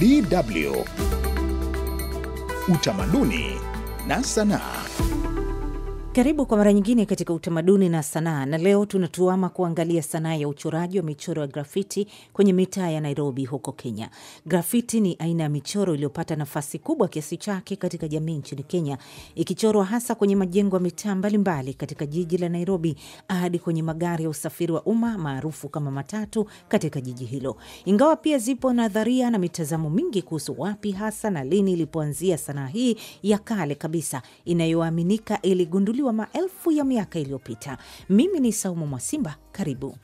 DW, utamaduni na sanaa. Karibu kwa mara nyingine katika utamaduni na sanaa, na leo tunatuama kuangalia sanaa ya uchoraji wa michoro ya grafiti kwenye mitaa ya Nairobi huko Kenya. Grafiti ni aina ya michoro iliyopata nafasi kubwa kiasi chake katika jamii nchini Kenya, ikichorwa hasa kwenye majengo ya mitaa mbalimbali katika jiji la Nairobi hadi kwenye magari ya usafiri wa umma maarufu kama matatu katika jiji hilo. Ingawa pia zipo nadharia na mitazamo mingi kuhusu wapi hasa na lini ilipoanzia sanaa hii ya kale kabisa inayoaminika iligunduliwa wa maelfu ya miaka iliyopita. Mimi ni Saumu Mwasimba, karibu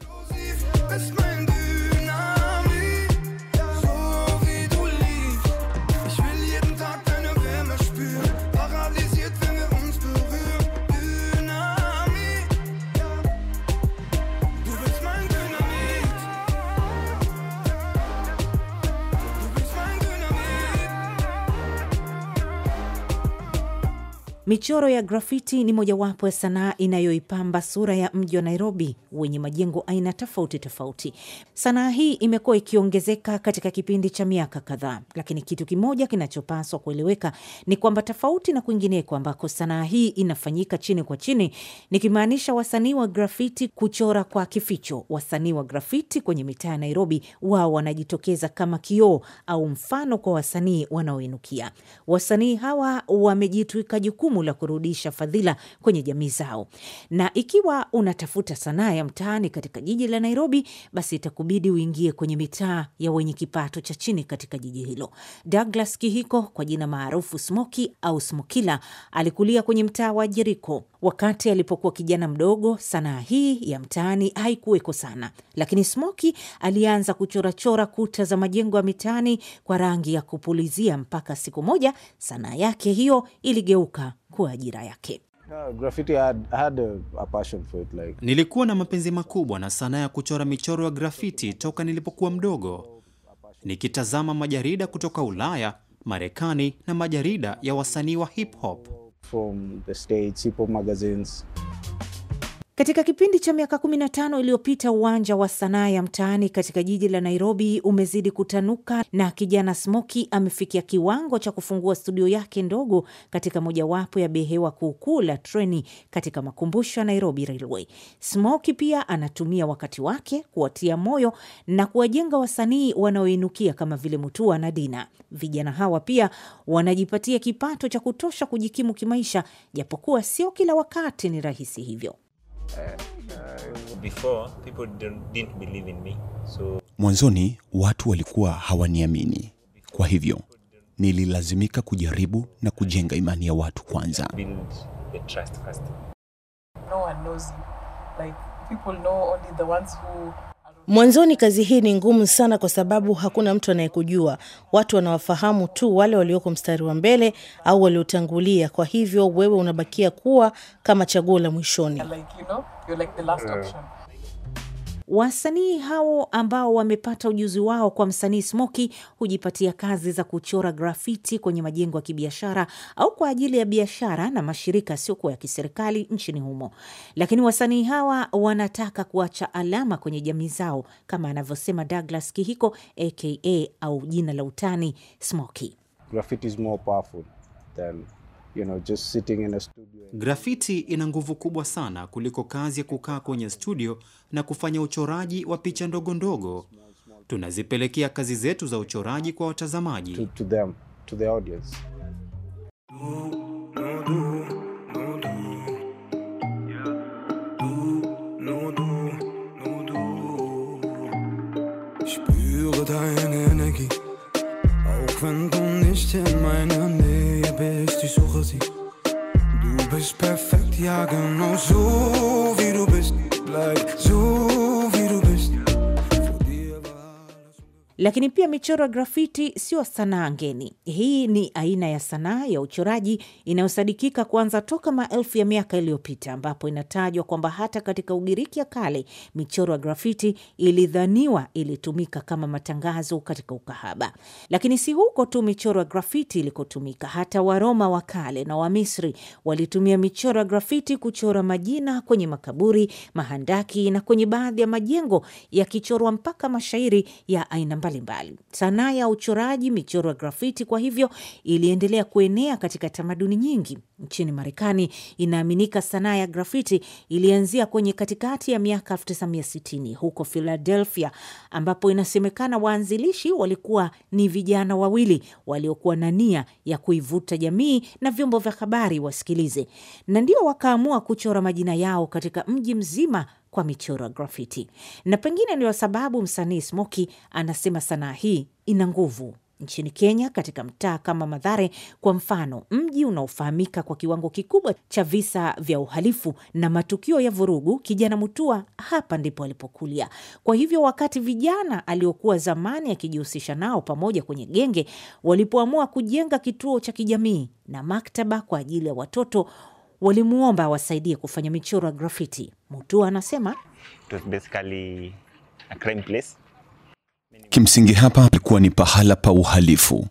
Michoro ya grafiti ni mojawapo ya sanaa inayoipamba sura ya mji wa Nairobi wenye majengo aina tofauti tofauti. Sanaa hii imekuwa ikiongezeka katika kipindi cha miaka kadhaa, lakini kitu kimoja kinachopaswa kueleweka ni kwamba tofauti na kwingineko ambako sanaa hii inafanyika chini kwa chini, nikimaanisha wasanii wa grafiti kuchora kwa kificho, wasanii wa grafiti kwenye mitaa ya Nairobi wao wanajitokeza kama kioo au mfano kwa wasanii wanaoinukia. Wasanii hawa wamejitwika jukumu la kurudisha fadhila kwenye jamii zao. Na ikiwa unatafuta sanaa ya mtaani katika jiji la Nairobi, basi itakubidi uingie kwenye mitaa ya wenye kipato cha chini katika jiji hilo. Douglas Kihiko kwa jina maarufu Smoki au Smokila alikulia kwenye mtaa wa Jeriko Wakati alipokuwa kijana mdogo, sanaa hii ya mtaani haikuweko sana, lakini Smoki alianza kuchorachora kuta za majengo ya mitaani kwa rangi ya kupulizia, mpaka siku moja sanaa yake hiyo iligeuka kuwa ajira yake. Nilikuwa na mapenzi makubwa na sanaa ya kuchora michoro ya grafiti toka nilipokuwa mdogo, nikitazama majarida kutoka Ulaya, Marekani na majarida ya wasanii wa hip hop. from the States, hip hop magazines, Katika kipindi cha miaka 15 iliyopita uwanja wa sanaa ya mtaani katika jiji la Nairobi umezidi kutanuka na kijana Smoki amefikia kiwango cha kufungua studio yake ndogo katika mojawapo ya behewa kuukuu la treni katika makumbusho ya Nairobi Railway. Smoki pia anatumia wakati wake kuwatia moyo na kuwajenga wasanii wanaoinukia kama vile Mutua na Dina. Vijana hawa pia wanajipatia kipato cha kutosha kujikimu kimaisha, japokuwa sio kila wakati ni rahisi hivyo. Mwanzoni watu walikuwa hawaniamini, kwa hivyo nililazimika kujaribu na kujenga imani ya watu kwanza. No one knows Like, people know only the ones who Mwanzoni kazi hii ni ngumu sana, kwa sababu hakuna mtu anayekujua. Watu wanawafahamu tu wale walioko mstari wa mbele au waliotangulia. Kwa hivyo wewe unabakia kuwa kama chaguo la mwishoni. Wasanii hao ambao wamepata ujuzi wao kwa msanii Smoki hujipatia kazi za kuchora grafiti kwenye majengo ya kibiashara au kwa ajili ya biashara na mashirika yasiyokuwa ya kiserikali nchini humo. Lakini wasanii hawa wanataka kuacha alama kwenye jamii zao, kama anavyosema Douglas Kihiko aka au jina la utani Smoki. You know, just sitting in a studio. Grafiti ina nguvu kubwa sana kuliko kazi ya kukaa kwenye studio na kufanya uchoraji wa picha ndogo ndogo. Tunazipelekea kazi zetu za uchoraji kwa watazamaji to, to them, to the audience. Du bist perfekt, ja, genau so wie du bist. like zoo Lakini pia michoro ya grafiti sio sanaa ngeni. Hii ni aina ya sanaa ya uchoraji inayosadikika kuanza toka maelfu ya miaka iliyopita, ambapo inatajwa kwamba hata katika Ugiriki ya kale michoro ya grafiti ilidhaniwa ilitumika kama matangazo katika ukahaba. Lakini si huko tu michoro ya grafiti ilikotumika. Hata Waroma wa kale na Wamisri walitumia michoro ya grafiti kuchora majina kwenye makaburi, mahandaki na kwenye baadhi ya majengo, yakichorwa mpaka mashairi ya aina mbalimbali. Sanaa ya uchoraji, michoro ya grafiti, kwa hivyo iliendelea kuenea katika tamaduni nyingi. Nchini Marekani inaaminika sanaa ya grafiti ilianzia kwenye katikati ya miaka 1960 huko Philadelphia, ambapo inasemekana waanzilishi walikuwa ni vijana wawili waliokuwa na nia ya kuivuta jamii na vyombo vya habari wasikilize, na ndio wakaamua kuchora majina yao katika mji mzima kwa michoro ya grafiti, na pengine ndiyo sababu msanii Smoki anasema sanaa hii ina nguvu. Nchini Kenya, katika mtaa kama madhare kwa mfano, mji unaofahamika kwa kiwango kikubwa cha visa vya uhalifu na matukio ya vurugu, kijana Mutua hapa ndipo alipokulia. Kwa hivyo, wakati vijana aliokuwa zamani akijihusisha nao pamoja kwenye genge, walipoamua kujenga kituo cha kijamii na maktaba kwa ajili ya watoto walimwomba awasaidie kufanya michoro ya grafiti. Mutu anasema kimsingi hapa palikuwa ni pahala pa uhalifu.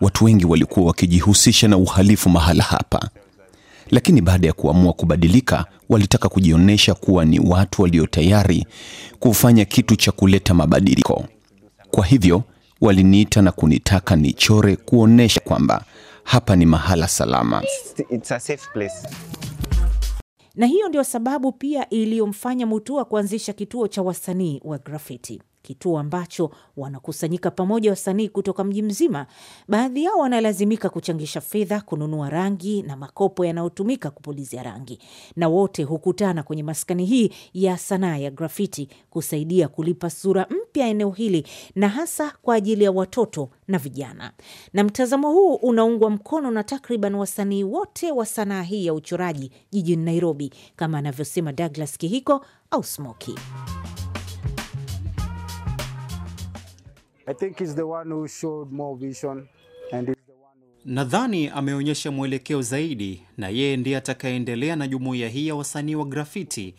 Watu wengi walikuwa wakijihusisha na uhalifu mahala hapa, lakini baada ya kuamua kubadilika, walitaka kujionyesha kuwa ni watu walio tayari kufanya kitu cha kuleta mabadiliko. Kwa hivyo waliniita na kunitaka nichore kuonyesha kwamba hapa ni mahala salama. It's a safe place. Na hiyo ndio sababu pia iliyomfanya Mutua kuanzisha kituo cha wasanii wa grafiti, kituo ambacho wanakusanyika pamoja wasanii kutoka mji mzima. Baadhi yao wanalazimika kuchangisha fedha kununua rangi na makopo yanayotumika kupulizia rangi, na wote hukutana kwenye maskani hii ya sanaa ya grafiti kusaidia kulipa sura upya eneo hili na hasa kwa ajili ya watoto na vijana. Na mtazamo huu unaungwa mkono na takriban wasanii wote wa sanaa hii ya uchoraji jijini Nairobi, kama anavyosema Douglas Kihiko au smoki Nadhani ameonyesha mwelekeo zaidi, na yeye ndiye atakayeendelea na jumuiya hii ya wasanii wa grafiti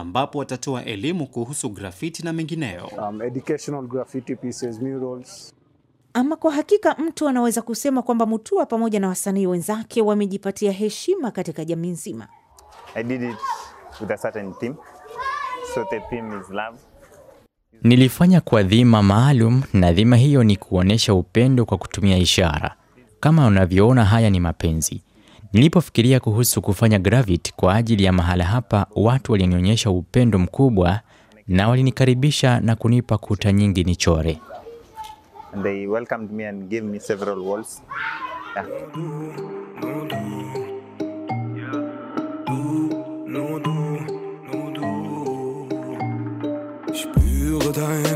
ambapo watatoa elimu kuhusu grafiti na mengineyo. Um, educational graffiti pieces, murals. Ama kwa hakika mtu anaweza kusema kwamba Mutua pamoja na wasanii wenzake wamejipatia heshima katika jamii nzima. nilifanya kwa dhima maalum, na dhima hiyo ni kuonyesha upendo kwa kutumia ishara. Kama unavyoona, haya ni mapenzi. Nilipofikiria kuhusu kufanya gravit kwa ajili ya mahala hapa, watu walinionyesha upendo mkubwa na walinikaribisha na kunipa kuta nyingi nichore. chore they welcomed me and gave me several walls. Yeah.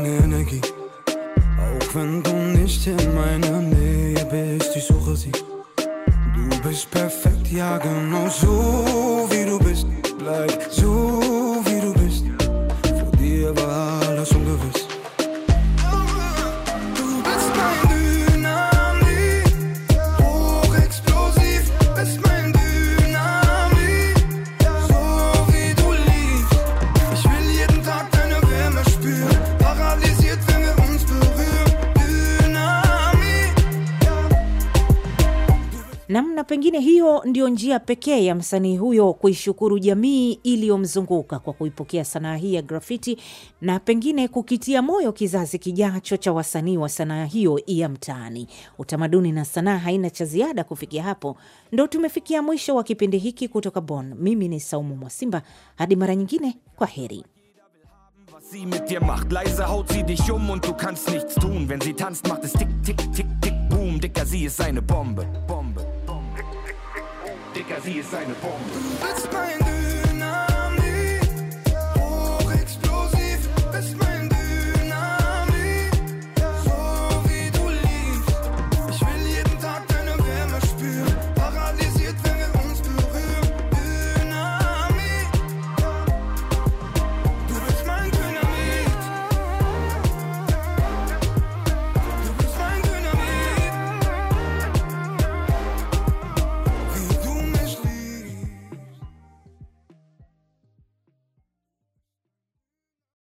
namna pengine hiyo ndiyo njia pekee ya msanii huyo kuishukuru jamii iliyomzunguka kwa kuipokea sanaa hii ya grafiti na pengine kukitia moyo kizazi kijacho cha wasanii wa sanaa hiyo ya mtaani. Utamaduni na sanaa haina cha ziada. Kufikia hapo, ndo tumefikia mwisho wa kipindi hiki kutoka bon Mimi ni Saumu Mwasimba, hadi mara nyingine, kwa heri. sie mit dir macht. Leise haut sie dich um und du kannst nichts tun. Wenn sie tanzt, macht es tick, tick, tick, tick, boom. Dicker, sie ist eine Bombe. Bombe. Dicker, sie ist eine Bombe.